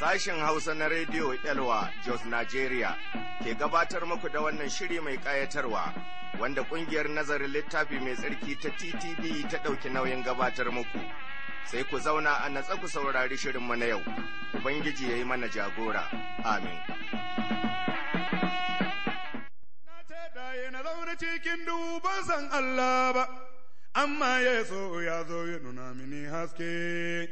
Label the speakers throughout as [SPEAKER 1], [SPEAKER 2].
[SPEAKER 1] Sashen Hausa na Rediyo Elwa Jos Nigeria ke gabatar muku da wannan shiri mai ƙayatarwa wanda ƙungiyar nazarin littafi mai tsarki ta TTD ta ɗauki nauyin gabatar muku. Sai ku zauna a natsa ku saurari shirinmu na yau, Ubangiji ya yi mana jagora. Amin.
[SPEAKER 2] Na zaune cikin duban san Allah ba, amma ya ya zo ya nuna mini haske.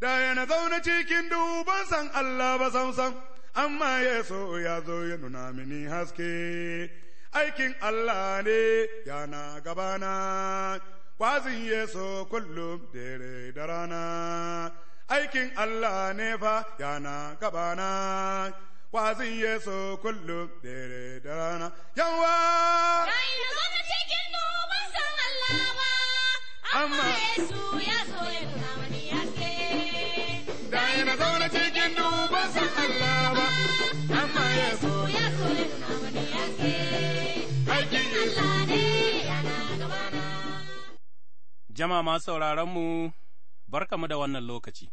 [SPEAKER 1] da yana na zauna cikin duban ban san Allah ba san san amma
[SPEAKER 2] ya so ya zo ya nuna mini haske aikin Allah ne yana gabana kwazin ya so kullum dare da rana aikin Allah ne fa yana gabana kwazin ya so kullum dare da rana yawa da
[SPEAKER 1] ya cikin ban san Allah ba amma ya so ya zo ya nuna mini
[SPEAKER 2] haske Jama masu mu da wannan lokaci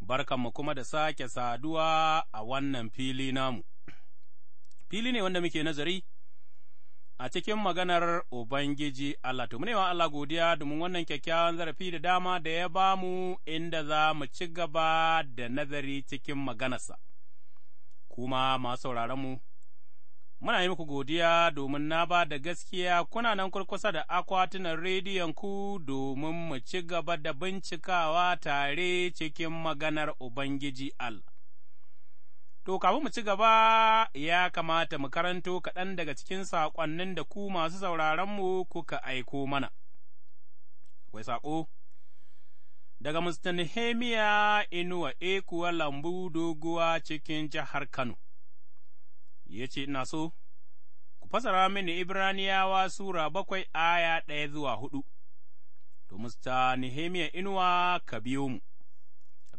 [SPEAKER 2] barkanmu kuma da sake saduwa a wannan fili namu fili ne wanda muke nazari a cikin maganar Ubangiji Allah, to wa Allah godiya domin wannan kyakkyawan zarafi da dama da ya ba mu inda za mu ci gaba da nazari cikin maganarsa, kuma masu mu muna yi muku godiya domin na ba da gaskiya kuna nan kurkusa da akwatunan rediyon ku domin mu ci gaba da bincikawa tare cikin maganar Ubangiji Allah. To, kafin mu ci gaba ya kamata mu karanto kaɗan daga cikin saƙonnin da ku masu sauraronmu kuka aiko mana. Akwai saƙo daga Mr. Nehemiya Inuwa kuwa Lambu Doguwa cikin jihar Kano, ya ce, Ina so, ku fasara mini Ibraniyawa Sura bakwai aya ɗaya zuwa huɗu, to, Mr. Nehemiya Inuwa ka biyo mu.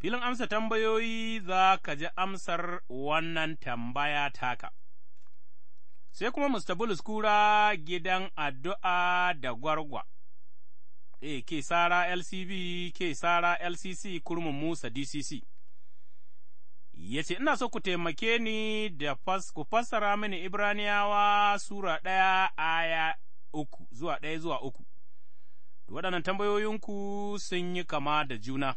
[SPEAKER 2] filin amsa tambayoyi za ka ji amsar wannan tambaya taka. Sai kuma Mr. Bulus Kura gidan addu'a da gwargwa, e, ke Sara LCB, ke Sara LCC, kurmin Musa DCC. Ya ce, Ina so ku taimake ni da ku fassara mini Ibraniyawa Sura ɗaya aya uku, zuwa ɗaya zuwa uku. Waɗannan tambayoyinku sun yi kama da juna.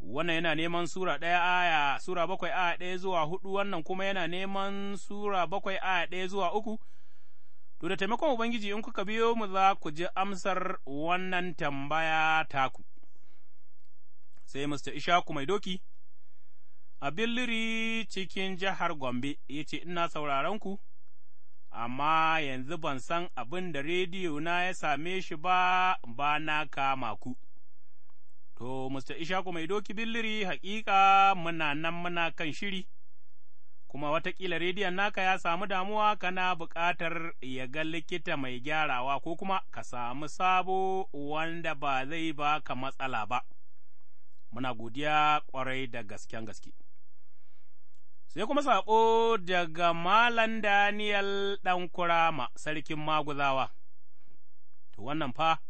[SPEAKER 2] wannan yana neman Sura ɗaya aya, Sura bakwai aya ɗaya zuwa hudu, wannan kuma yana neman Sura bakwai aya ɗaya zuwa uku. To, da taimakon Ubangiji in kuka biyo mu za ku ji amsar wannan tambaya taku. Sai Mr. Ishaku mai doki, a Billiri cikin jihar Gombe, ya ce, Ina sauraron ku, amma yanzu ban san abin da rediyo na ya same shi ba, ba na kama ku. To, Mr. Ishaku mai doki billiri hakika muna nan muna kan shiri, kuma watakila rediyon naka ya samu damuwa kana buƙatar ya ga likita mai gyarawa ko kuma ka samu sabo wanda ba zai ba ka matsala ba. Muna godiya ƙwarai da gasken gaske. Sai kuma saƙo daga Malam Daniel ɗan kurama sarkin maguzawa, to wannan fa.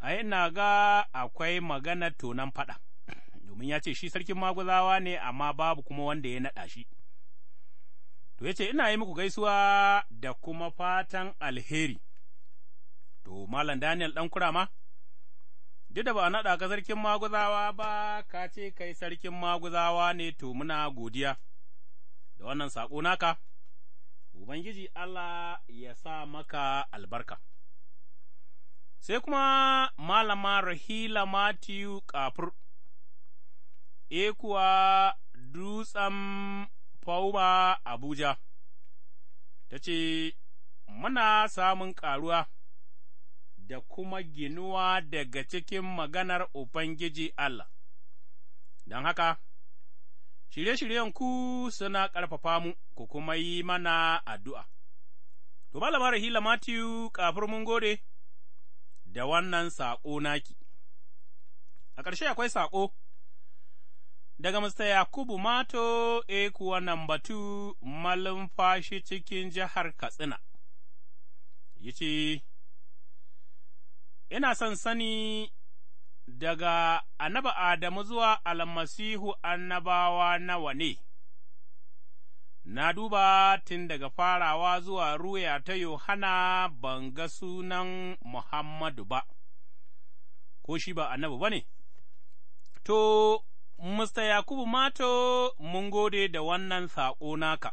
[SPEAKER 2] ai, na ga akwai magana tonan faɗa, domin ya ce shi sarkin maguzawa ne, amma babu kuma wanda ya naɗa shi. To ya ce, Ina yi muku gaisuwa da kuma fatan alheri, to, Malam Daniel ɗan kurama, duk da ba a naɗa ka sarkin maguzawa ba, ka ce kai sarkin maguzawa ne, to, muna godiya da wannan saƙo naka, Ubangiji Allah ya sa maka albarka. sai kuma malama Rahila Matthew Kafur, e kuwa dutsen Fauba Abuja, ta ce, Muna samun ƙaruwa da kuma ginuwa daga cikin maganar Ubangiji Allah, don haka, shirye shiryen ku suna ƙarfafa mu, ku kuma yi mana addu'a. To, malama Rahila Matthew Kafur mun gode. da wannan saƙo naki. A ƙarshe akwai saƙo daga Mista Yakubu Mato Ekuwa batu Malumfashi cikin jihar Katsina, ya ce, Ina son sani daga anaba Adamu zuwa almasihu annabawa nawa ne?’ na duba tun daga farawa zuwa ruya ta Yohana ban ga sunan Muhammadu ba, ko shi ba annabi ba ne? To, Mr Yakubu Mato, mun gode da wannan saƙo naka.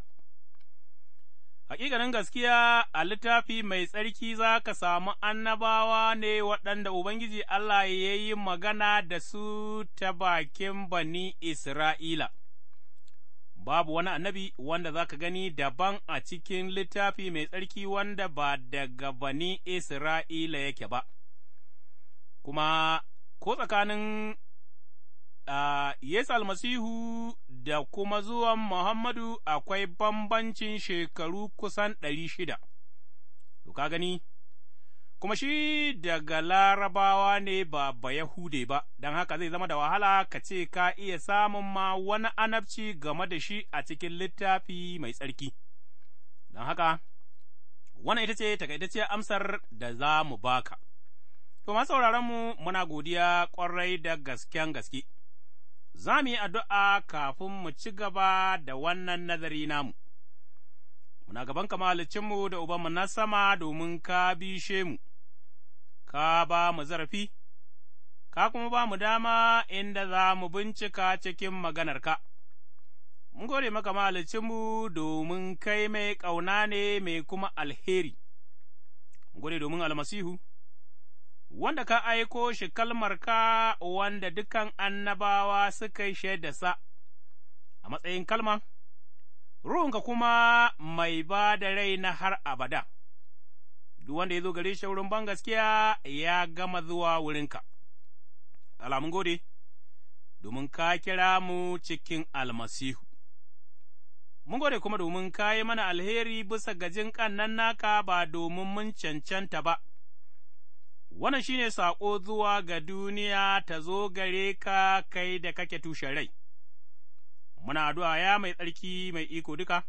[SPEAKER 2] Hakikanin gaskiya a littafi mai tsarki za ka samu annabawa ne waɗanda Ubangiji Allah ya yi magana da su ta bakin bani Isra'ila. babu wani annabi wanda za ka gani daban a cikin littafi mai tsarki wanda ba daga bani Isra'ila yake ba, kuma ko tsakanin Yesu almasihu da kuma zuwan Muhammadu akwai bambancin shekaru kusan ɗari shida, to ka gani, kuma shi daga larabawa ne ba ba Yahude ba, don haka zai zama da wahala ka ce ka iya samun ma wani anabci game da shi a cikin littafi mai tsarki. Don haka, wannan ita ce takaitacciyar amsar da za mu baka. To, masu mu muna godiya kwarai da gasken gaske, za mu yi addu'a kafin mu ci gaba da wannan nazari namu. Muna gaban kamalicinmu da Ubanmu na sama domin ka bishe mu. ka ba mu zarafi, ka kuma ba mu dama inda za mu bincika cikin maganarka. Mun gode maka mu domin kai mai ƙauna ne mai kuma alheri, mun gode domin almasihu, wanda ka aiko shi kalmarka wanda dukan annabawa suka yi sa. a matsayin kalma, ruhunka kuma mai ba da rai na har abada. duk wanda ya zo gare shi wurin ban gaskiya ya gama zuwa wurinka. Alamun gode, domin ka kira mu cikin almasihu. Mun gode kuma domin ka yi mana alheri bisa gajin nan naka ba domin mun cancanta ba. Wannan shi ne saƙo zuwa ga duniya ta zo gare ka kai da kake tushen rai. Muna addu'a ya mai tsarki mai iko duka.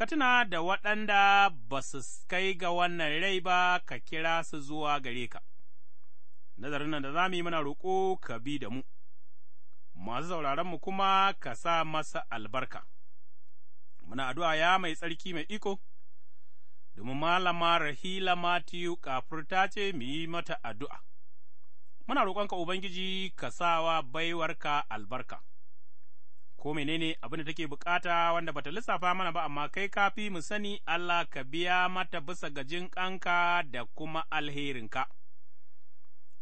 [SPEAKER 2] ka tuna da waɗanda ba su kai ga wannan rai ba ka kira su zuwa gare ka, nazarin nan da za mu yi mana roƙo ka bi da mu, masu mu kuma ka sa masa albarka. Muna addu'a ya mai tsarki mai iko, domin malama Rahila Matiyu kafur ta ce mu yi mata addu'a. Muna roƙonka Ubangiji ka sawa baiwarka albarka. ko menene abin da take bukata wanda bata lissafa mana ba amma kai kafi mu sani Allah ka biya mata bisa ga kanka da kuma alherinka.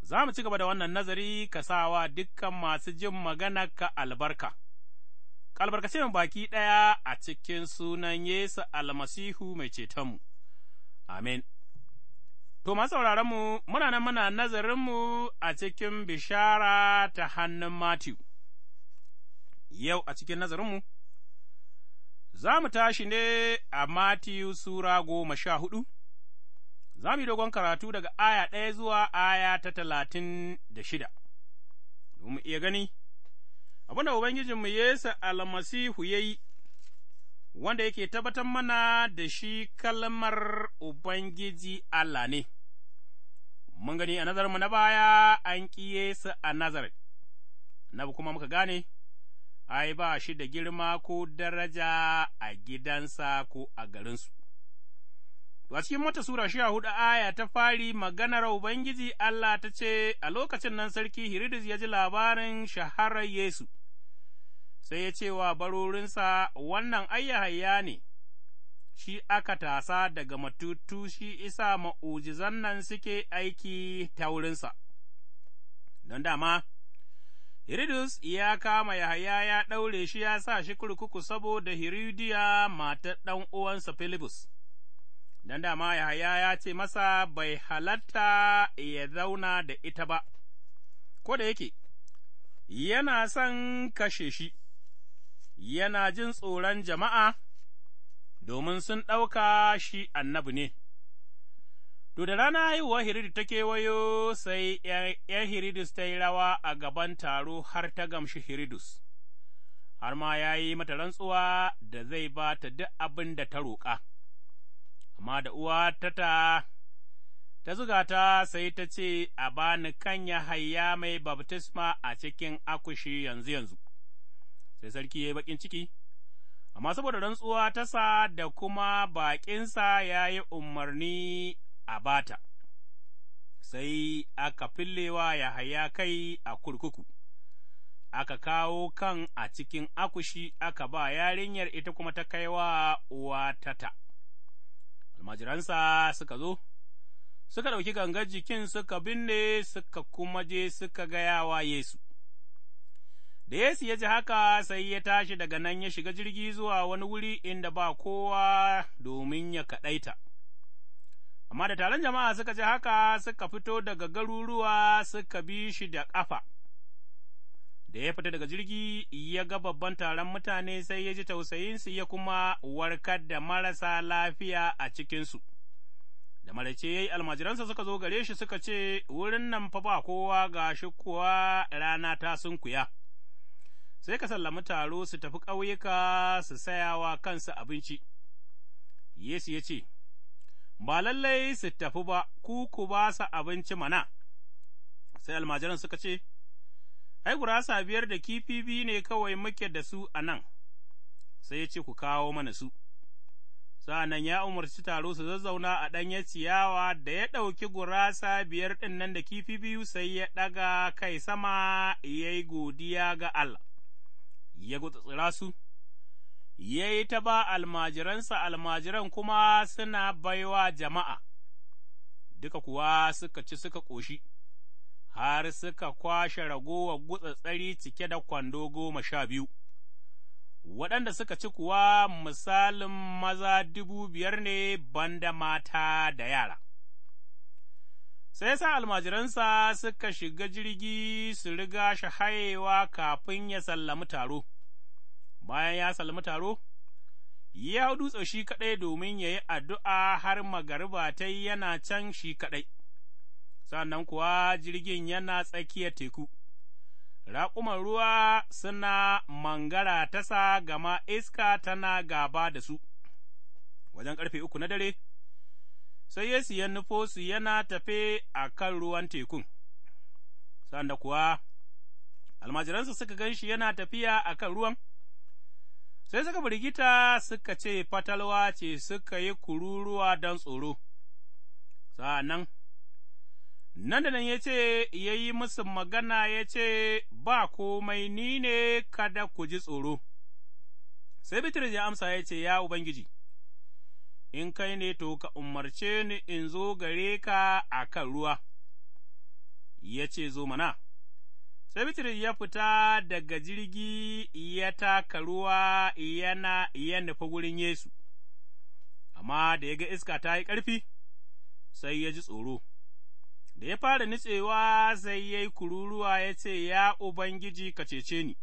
[SPEAKER 2] Za mu ci gaba da wannan nazari ka sawa dukkan masu jin magana ka albarka. albarkace mu baki ɗaya a cikin sunan Yesu almasihu mai cetonmu. Amin. To, masu mu muna nan muna nazarinmu a cikin bishara ta hannun Matthew. yau a cikin nazarinmu? Za mu tashi ne a Matiyu Sura goma sha hudu, za mu yi dogon karatu daga aya ɗaya zuwa aya ta talatin da shida, domin iya gani, abinda Ubangijinmu Yesu almasihu ya yi, wanda yake tabbatar mana da shi kalmar Ubangiji Allah ne. Mun gani a nazarinmu na baya an ƙi Yesu a nazarin, na kuma muka gane. ai, ba shi da girma ko daraja a gidansa ko a garinsu. A cikin mata Sura sha hudu aya ta fari maganar Ubangiji Allah ta ce, A lokacin nan sarki Hiridus ya ji labarin shaharar Yesu, sai ya ce wa barorinsa, Wannan ayyahayya ne, shi aka tasa daga matutu shi isa ma'ujizan nan suke aiki ta wurinsa, don dama. Hiridus ya kama Yahaya ya ɗaure shi ya sa shi kurkuku saboda Hiridiya matar ɗan uwansa Filibus, don dama Yahaya ya ce masa bai halatta ya zauna da ita ba, ko da yake, yana son kashe shi, yana jin tsoron jama'a, domin sun ɗauka shi annabi ne. To, da rana haihuwar hiridu ta kewayo sai 'yan Hiridus ta yi rawa a gaban taro har ta gamshi Hiridus, har ma ya yi mata rantsuwa da zai ba ta duk abin da ta roƙa. Amma da uwa tata ta, zuga ta sai ta ce, A bani kan ya haya mai baftisma a cikin akushi yanzu yanzu, sai sarki ya yi baƙin ciki. amma saboda rantsuwa ta sa da kuma baƙinsa ya yi umarni a bata, sai aka fillewa Yahaya kai a kurkuku, aka kawo kan a cikin akushi aka ba yarinyar ita kuma ta kaiwa uwatata. Almajiransa suka zo, suka ɗauki gangar jikin suka binne suka kuma je suka gaya wa Yesu. Da Yesu ya ji haka sai ya tashi daga nan ya shiga jirgi zuwa wani wuri inda ba kowa domin ya kaɗaita. amma da taron jama'a suka ce haka suka fito daga garuruwa suka bi shi da ƙafa. Da ya fita daga jirgi ya ga babban taron mutane sai ya ji tausayinsu ya kuma warkar da marasa lafiya a cikinsu. Da marace ya yi almajiransa suka zo gare shi suka ce, Wurin nan fa ba kowa ga shi kuwa rana ta sunkuya. Sai ka sallami taro su tafi ƙauyuka su sayawa kansu abinci. Yesu ya ce, ba lallai su tafi ba, ku ku ba su abinci mana, sai almajiran suka ce, Ai, gurasa biyar da kifi biyu ne kawai muke da su a nan, sai ya ce ku kawo mana su. Sa'an ya umarci taro su zazzauna a ɗanye ciyawa da ya ɗauki gurasa biyar ɗin nan da kifi biyu sai ya ɗaga kai sama ya yi godiya ga Allah, ya gutsira su. ya yi ta ba almajiransa almajiran kuma suna baiwa jama'a, duka kuwa suka ci suka ƙoshi, har suka kwashe ragowar gutsatsari cike da kwando goma sha biyu. Waɗanda suka ci kuwa misalin maza dubu biyar ne banda mata da yara. sai sa almajiransa suka shiga jirgi su riga shi hayewa kafin ya sallami taro. bayan ya salmi taro, ya hau dutse shi kaɗai domin ya yi addu'a har magariba ta yi yana can shi kaɗai, sannan kuwa jirgin yana tsakiyar teku. raƙuman ruwa suna mangara tasa gama iska tana gaba da su, wajen ƙarfe uku na dare, sai Yesu ya nufo su yana tafe a kan ruwan tekun, sanda kuwa almajiransa suka gan shi yana tafiya a kan ruwan, sai suka birgita suka ce fatalwa ce suka yi kururuwa don tsoro, sa'an nan nan da nan ya ce, ya yi musu magana ya ce, Ba komai ni ne kada ku ji tsoro, sai Bitrus ya amsa ya ce, Ya Ubangiji, in kai ne to ka umarce ni in zo gare ka a kan ruwa, ya ce, Zo mana, sai Bitrus ya fita daga jirgi ya taka ruwa yana ya nufi wurin Yesu, amma da ya ga iska ta yi ƙarfi, sai ya ji tsoro. Da ya fara nutsewa sai ya yi kururuwa ya ce, Ya Ubangiji ka cece ni,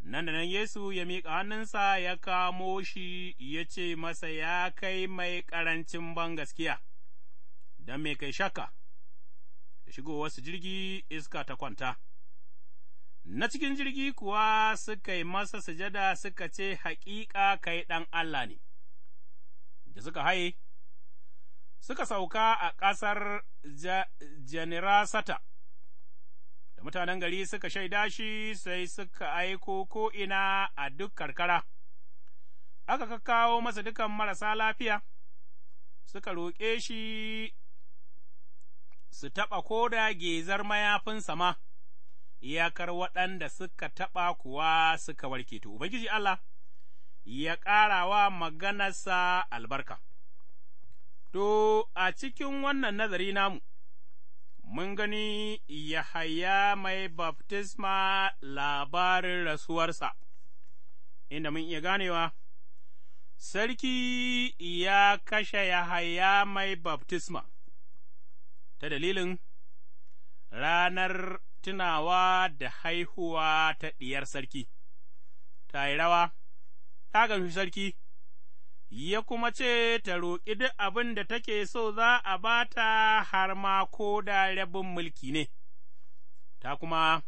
[SPEAKER 2] nan da nan Yesu ya miƙa hannunsa ya kamo shi ya ce masa, Ya kai mai ƙarancin ban gaskiya. don me kai shakka? da shigowarsu jirgi iska ta kwanta. Na cikin jirgi kuwa suka yi masa sujada suka ce, Hakika kai ɗan Allah ne, da suka haye, suka sauka a ƙasar Janirasata, da mutanen gari suka shaida shi sai suka aiko ko'ina a duk karkara, aka kakkawo masa dukan marasa lafiya, suka roƙe shi su taɓa ko da gezar mayafinsa ma, iyakar waɗanda suka taɓa kuwa suka warke to, Ubangiji Allah ya ƙara wa maganarsa albarka. To, a cikin wannan nazari namu, mun gani Yahaya mai baftisma labarin rasuwarsa, inda mun iya ganewa, Sarki ya kashe Yahaya mai baftisma. ta dalilin ranar tunawa da haihuwa ta ɗiyar sarki, ta yi rawa, ta gamshi sarki, ya kuma ce ta roƙi duk abin da take so za a ba ta har ma ko da rabin mulki ne, ta kuma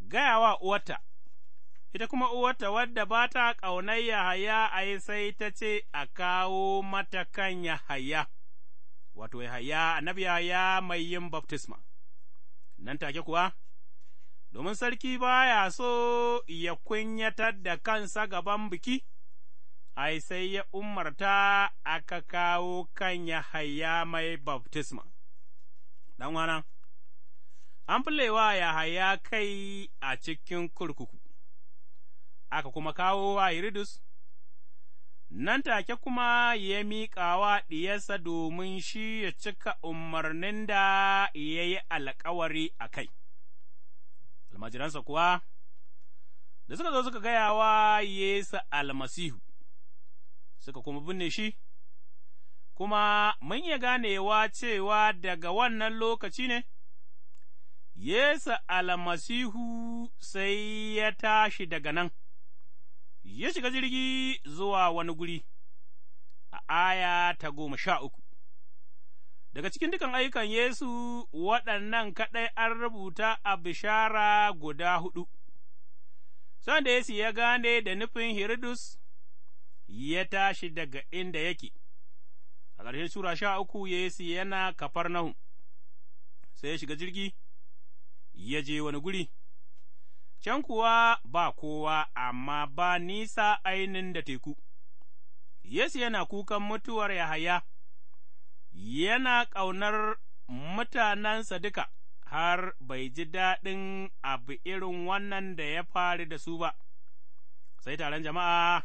[SPEAKER 2] gaya wa uwarta, ita kuma uwarta wadda ba ta ƙaunar Yahaya a yi sai ta ce a kawo mata kan Yahaya. wato Yahaya, annabi Yahaya mai yin baftisma, nan take kuwa, domin sarki baya so ya kunyatar da kansa gaban biki, ai, sai ya umarta aka kawo kan Yahaya mai baftisma. Dan wana, an fulewa Yahaya kai a cikin kurkuku, aka kuma kawo wa Hiridus, nan take kuma ya miƙa wa ɗiyarsa domin shi ya cika umarnin da ya yi alkawari a kai. Almajiransa kuwa, da suka zo suka gaya wa Yesu almasihu, suka kuma binne shi, kuma mun iya ganewa cewa daga wannan lokaci ne, Yesu almasihu sai ya tashi daga nan. ya shiga jirgi zuwa wani guri, a aya ta goma sha uku. Daga cikin dukan ayyukan Yesu waɗannan kaɗai an rubuta a bishara guda huɗu, sanda Yesu ya gane da nufin Hiridus ya tashi daga inda yake, a ƙarshen Sura sha uku Yesu yana kafar nahu, sai ya shiga jirgi, ya je wani guri, can kuwa ba kowa, amma ba nisa ainin da teku. Yesu yana kukan mutuwar Yahaya, yana ƙaunar mutanensa duka, har bai ji daɗin abu irin wannan da ya faru da su ba, sai taron jama'a.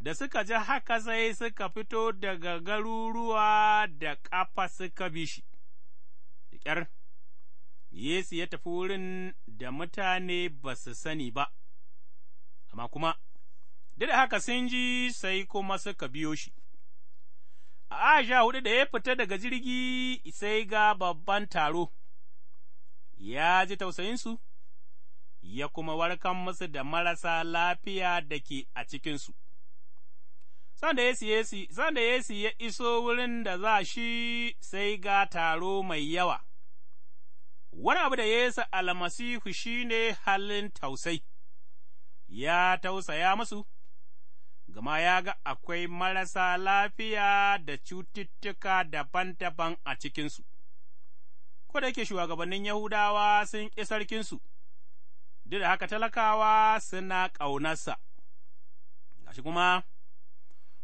[SPEAKER 2] Da suka ji haka sai suka fito daga garuruwa da ƙafa suka bi shi, da Yesu ya tafi wurin da mutane ba su sani ba, amma kuma, duk da haka sun ji sai kuma suka biyo shi. A Aisha hudu da ya fita daga jirgi sai ga babban taro, ya ji tausayinsu, ya kuma warkan musu da marasa lafiya da ke a cikinsu. Sanda Yesu sanda Yesu ya iso wurin da za shi sai ga taro mai yawa. wani abu da Yesu almasihu shi ne halin tausai, ya tausaya musu, gama ya ga akwai marasa lafiya da cututtuka daban-daban a cikinsu, ko da yake shugabannin Yahudawa sun ƙi sarkinsu, duk da haka talakawa suna ƙaunarsa, gashi kuma,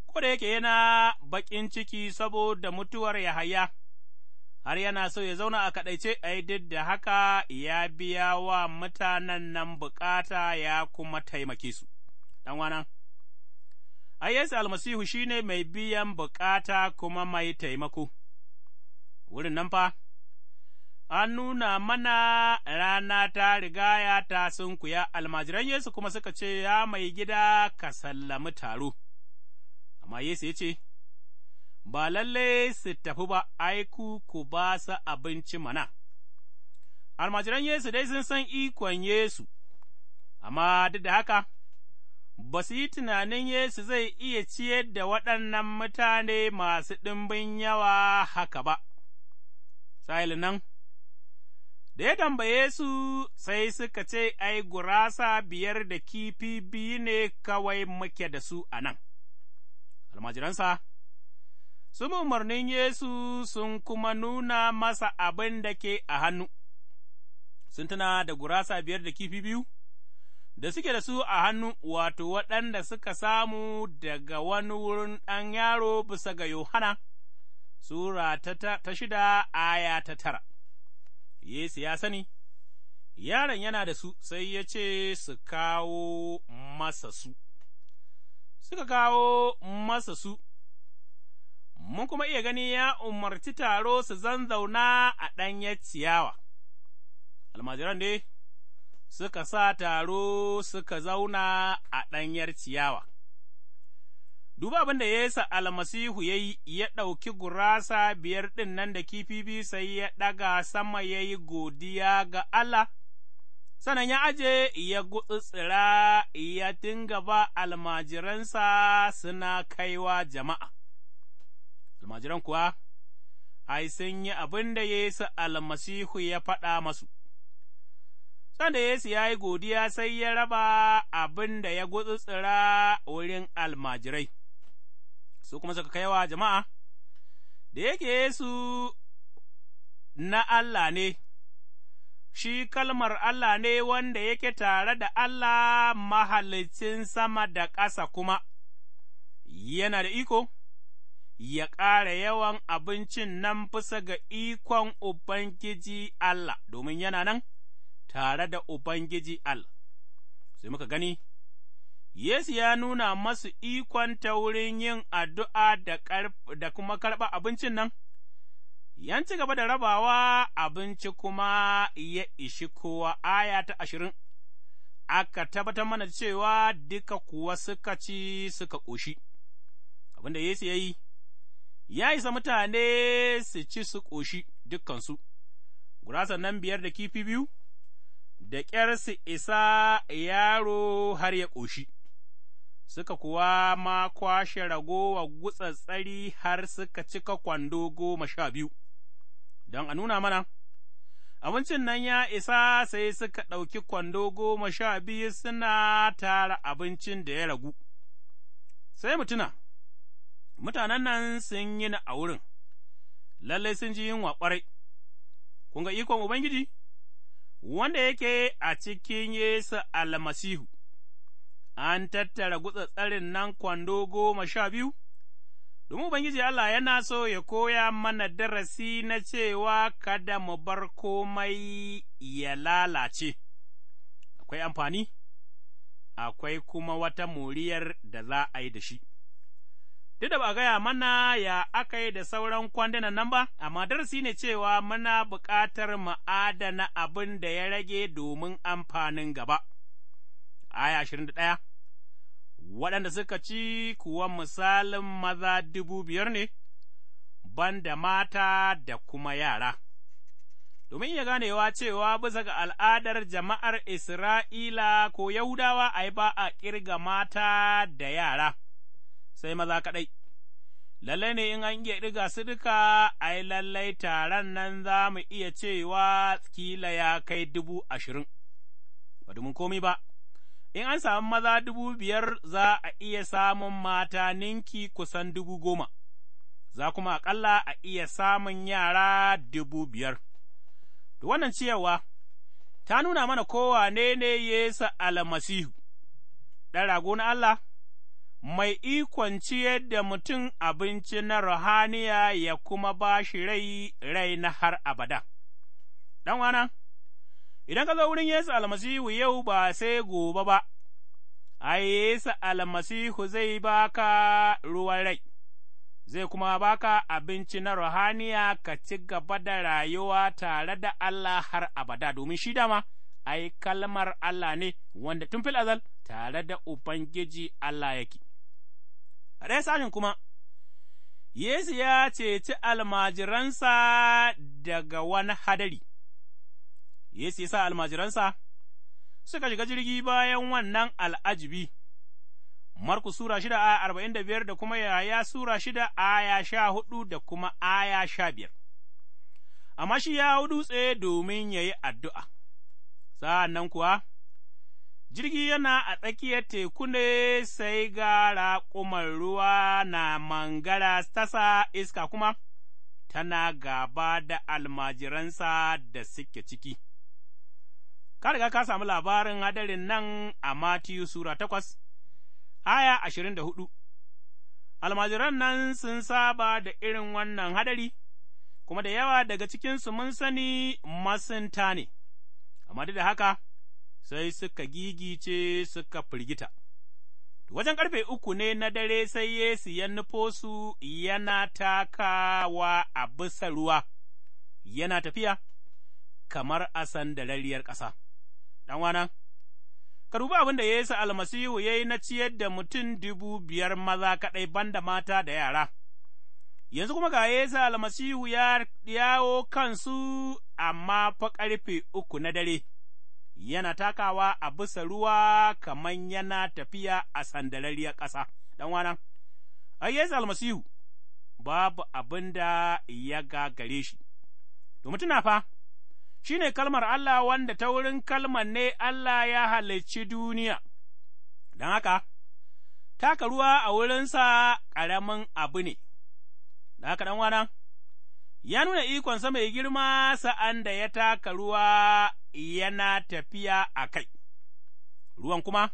[SPEAKER 2] ko da yake yana baƙin ciki saboda mutuwar ya haya? har yana so ya zauna a kaɗaice, ai, duk da haka ya biya wa mutanen nan bukata ya kuma taimake su, ɗanwana. Ai, Yesu almasihu shi ne mai biyan bukata kuma mai taimako, wurin nan fa, an nuna mana rana ta rigaya ta sunkuya, almajiran Yesu kuma suka ce, Ya mai gida ka sallami taro, amma Yesu ya ce, ba lalle su tafi ba, aiku ku ba su abinci mana. Almajiran Yesu dai sun san ikon Yesu, amma duk da haka, ba su yi tunanin Yesu zai iya ciyar da waɗannan mutane masu ɗimbin yawa haka ba. Sa'il nan, da ya tambaye su sai suka ce, Ai, gurasa biyar da kifi biyu ne kawai muke da su a nan, almajiransa sun umarnin Yesu sun kuma nuna masa abin da ke a hannu, sun tuna da gurasa biyar da kifi biyu, da suke da su a hannu wato waɗanda suka samu daga wani wurin ɗan yaro bisa ga Yohana, Sura ta, shida aya ta tara. Yesu ya sani, yaron yana da su sai ya ce su kawo masa su. Suka kawo masa su, mun kuma iya gani ya umarci taro su zanzauna a ɗanyar ciyawa. Almajiran dai suka sa taro suka zauna a ɗanyar ciyawa. Duba abin da Yesu almasihu ya yi, ya ɗauki gurasa biyar ɗin nan da kifi biyu sai ya ɗaga sama ya yi godiya ga Allah, sannan ya aje ya gutsutsira ya dinga ba almajiransa suna kaiwa jama'a. almajiran kuwa, ai, sun yi abin da Yesu almasihu ya faɗa masu. da Yesu ya yi godiya sai ya raba abin da ya gutsutsura wurin almajirai, su kuma suka kaiwa jama'a, da yake Yesu na Allah ne. shi kalmar Allah ne wanda yake tare da Allah mahalicin sama da ƙasa kuma, yana da iko, ya ƙara yawan abincin nan bisa ga ikon Ubangiji Allah, domin yana nan tare da Ubangiji Allah. Sai muka gani, Yesu ya nuna masu ikon ta wurin yin addu'a da kuma karɓa abincin nan, yan ci gaba da rabawa abinci kuma ya ishi kowa aya ta ashirin. aka tabbatar mana cewa duka kuwa suka ci suka ƙoshi, abin da Yesu ya yi, ya isa mutane su ci su ƙoshi dukkansu. gurasan nan biyar da kifi biyu, da ƙyar su isa yaro har ya ƙoshi, suka kuwa ma kwashe ragowa tsari har suka cika kwando goma sha biyu, don a nuna mana. abincin nan ya isa sai suka ɗauki kwando goma sha biyu suna tara abincin da ya ragu, sai mutuna, mutanen nan sun yi na a wurin, lallai sun ji yunwa ƙwarai, kun ga ikon Ubangiji, wanda yake a cikin Yesu almasihu, an tattara tsarin nan kwando goma sha biyu, domin Ubangiji Allah yana so ya koya mana darasi na cewa kada mu bar komai ya lalace, akwai amfani, akwai kuma wata moriyar da za a yi da shi. duk da ba gaya mana ya aka yi da sauran kwandunan nan ba, amma darasi ne cewa muna buƙatar ma'adana abin da ya rage domin amfanin gaba. Aya ashirin da ɗaya Waɗanda suka ci kuwa misalin maza dubu biyar ne, banda mata da kuma yara. domin iya ganewa cewa bisa ga al'adar jama'ar Isra'ila ko Yahudawa ai ba a ƙirga mata da yara, sai maza kaɗai. Lallai ne in an iya ɗiga su duka, ai lallai taron nan za mu iya cewa kila ya kai dubu ashirin, ba domin komi ba, in an samu maza dubu biyar za a iya samun mata ninki kusan dubu goma, za kuma aƙalla a iya samun yara dubu biyar. Da wannan ciyarwa, ta nuna mana kowa ne ne Yesu almasihu, ɗan rago na Allah. mai ikon ciyar da mutum abinci na ruhaniya ya kuma ba shi rai rai na har abada. wana, idan ka zo wurin Yesu almasihu yau ba sai gobe ba, a Yesu almasihu zai baka ruwan rai, zai kuma baka abinci na ruhaniya ka ci gaba da rayuwa tare da Allah har abada, domin shi dama, ai kalmar Allah ne wanda tun fil azal tare da Ubangiji Allah yake. A ɗaya sashen kuma, Yesu ya ceci almajiransa daga wani hadari, Yesu ya sa almajiransa suka shiga jirgi bayan wannan al'ajibi, Marku Sura shida a arba'in da biyar da kuma Yaya Sura shida aya sha hudu da kuma aya sha biyar, amma shi ya dutse domin ya yi addu'a, sa'an nan kuwa jirgi yana a tsakiyar teku ne sai ga raƙumar ruwa na mangara tasa iska kuma tana gaba da almajiransa da suke ciki. Ka riga ka samu labarin hadarin nan a Matiyu Sura takwas, aya ashirin da hudu, almajiran nan sun saba da irin wannan hadari, kuma da yawa daga cikinsu mun sani masunta ne, amma duk da haka. sai suka gigice suka firgita. Wajen ƙarfe uku ne na dare sai Yesu ya nufo su yana takawa a bisa ruwa, yana tafiya kamar a sandarariyar ƙasa. Ɗanwana, ka rubu abin da Yesu almasihu ya yi na ciyar da mutum dubu biyar maza kaɗai banda mata da yara. Yanzu kuma ga Yesu almasihu ya yawo kansu amma fa ƙarfe uku na dare. yana takawa a bisa ruwa kamar yana tafiya a sandalariyar ƙasa, ɗan wana, ai, almasihu, babu abin da ya gagare shi, domin tuna fa, shi ne kalmar Allah wanda ta wurin kalmar ne Allah ya halicci duniya, don haka, taka ruwa a wurinsa ƙaramin abu ne, don haka ɗan wana, ya nuna ikonsa mai girma sa'an da ya taka ruwa yana tafiya a kai, ruwan kuma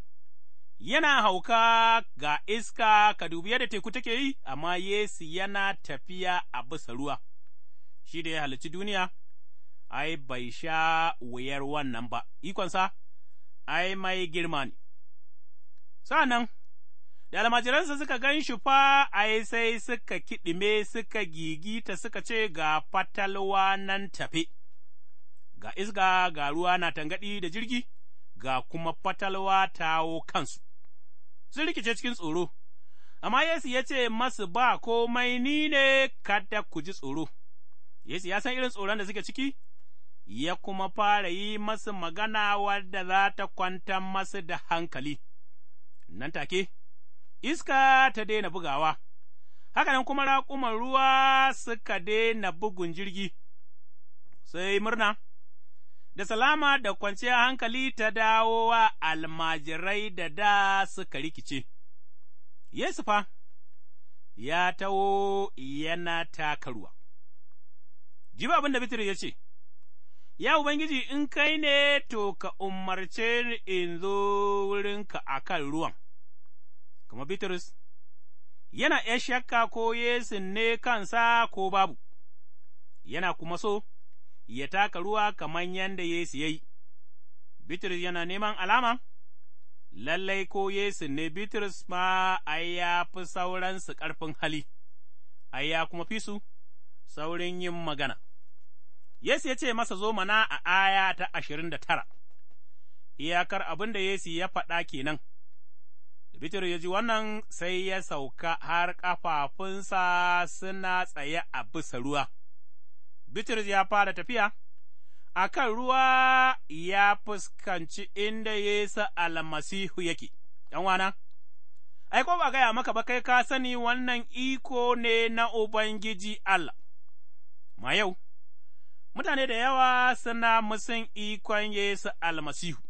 [SPEAKER 2] yana hauka ga iska ka dubi yadda teku take yi, amma Yesu yana tafiya a bisa ruwa, shi da ya halici duniya, ai, bai sha wuyar wannan ba, ikonsa, ai, mai girma ne. Sa'an Da almajiransa suka gan shi fa, ai sai suka kiɗime suka gigita suka ce ga fatalwa nan tafe, ga isga ga ruwa na tangaɗi da jirgi, ga kuma fatalwa tawo kansu. Sun rikice cikin tsoro, amma Yesu ya ce masu ba komai ni ne kada ku ji tsoro. Yesu ya san irin tsoron da suke ciki, ya kuma fara yi masu magana wadda za ta kwantar masu da hankali. Nan take. iska ta daina bugawa, hakanan kuma raƙuman ruwa suka daina bugun jirgi, sai murna, da salama da kwanciyar hankali ta dawo wa almajirai da da suka rikice. Yesu fa, ya tawo yana taka ruwa. Jibi abin da Bitrus ya ce, Ya Ubangiji, in kai ne, to ka umarce in zo wurinka a kan ruwan. kamar Bitrus, yana ’yan shakka ko Yesu ne kansa ko babu, yana kuma so ya taka ruwa kamar yadda Yesu ya yi, Bitrus yana neman alama, lallai ko Yesu ne Bitrus ma ai ya fi sauransu ƙarfin hali, ai ya kuma fi su saurin yin magana. Yesu ya ce masa zo mana a aya ta ashirin da tara, iyakar abin da Yesu ya faɗa kenan. Bitrus ya ji wannan sai ya sauka har kafafunsa suna tsaye a bisa ruwa. Bitrus ya fara tafiya, a kan ruwa ya fuskanci inda Yesu almasihu yake, wana ai, ko ba gaya maka ba kai ka sani wannan iko ne na Ubangiji Allah, ma yau, mutane da yawa suna musun ikon Yesu almasihu,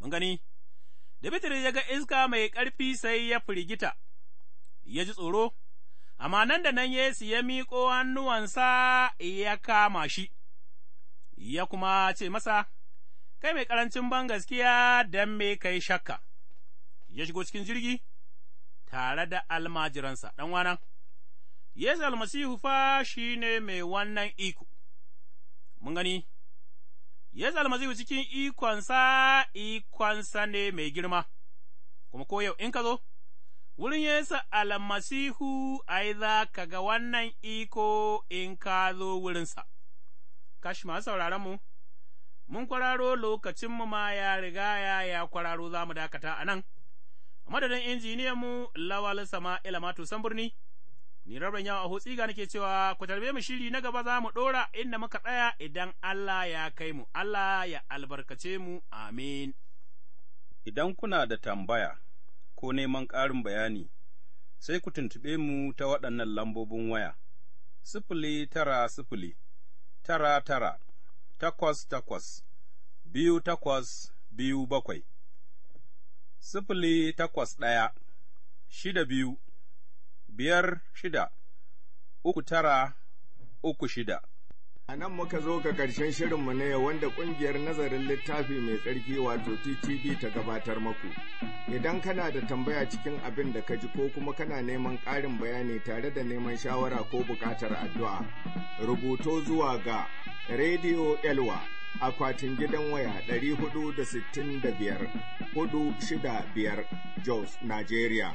[SPEAKER 2] mun gani. da Bitrus ya ga iska mai ƙarfi sai ya firgita, ya ji tsoro, amma nan da nan Yesu ya miƙo hannuwansa ya kama shi, ya kuma ce masa, Kai mai ƙarancin ban gaskiya don mai kai shakka, ya shigo cikin jirgi tare da almajiransa, ɗan wana Yesu almasihu fa shi ne mai wannan iko, mun gani, Yesu almasihu cikin ikonsa, ikonsa ne mai girma, kuma ko yau in ka zo, wurin Yesu almasihu ai za ka ga wannan iko in ka zo wurinsa. Kashi masu sauraronmu, mun kwararo lokacinmu ma ya riga ya ya kwararo za mu dakata a nan, madadin injiniyanmu Lawal Sama'ila Mato birni Ni rabin yawa yawan hotsi nake cewa ku tarbe mu shiri na gaba za mu ɗora inda muka tsaya idan Allah ya kai mu, Allah ya albarkace mu, amin. Idan kuna da tambaya ko neman ƙarin bayani, sai ku tuntuɓe mu ta waɗannan lambobin waya, sifili tara sifili, tara tara, takwas takwas, biyu takwas biyu bakwai, sifili takwas ɗaya, shida biyu. biyar shida, uku tara, uku shida.
[SPEAKER 1] A nan muka zo ga ƙarshen shirinmu ne wanda ƙungiyar nazarin littafi mai tsarki wato TTV ta gabatar maku. Idan kana da tambaya cikin abin da ka ji ko kuma kana neman ƙarin bayani tare da neman shawara ko buƙatar addu'a, rubuto zuwa ga Radio Elwa akwatin gidan waya 465 biyar Jos, Nigeria.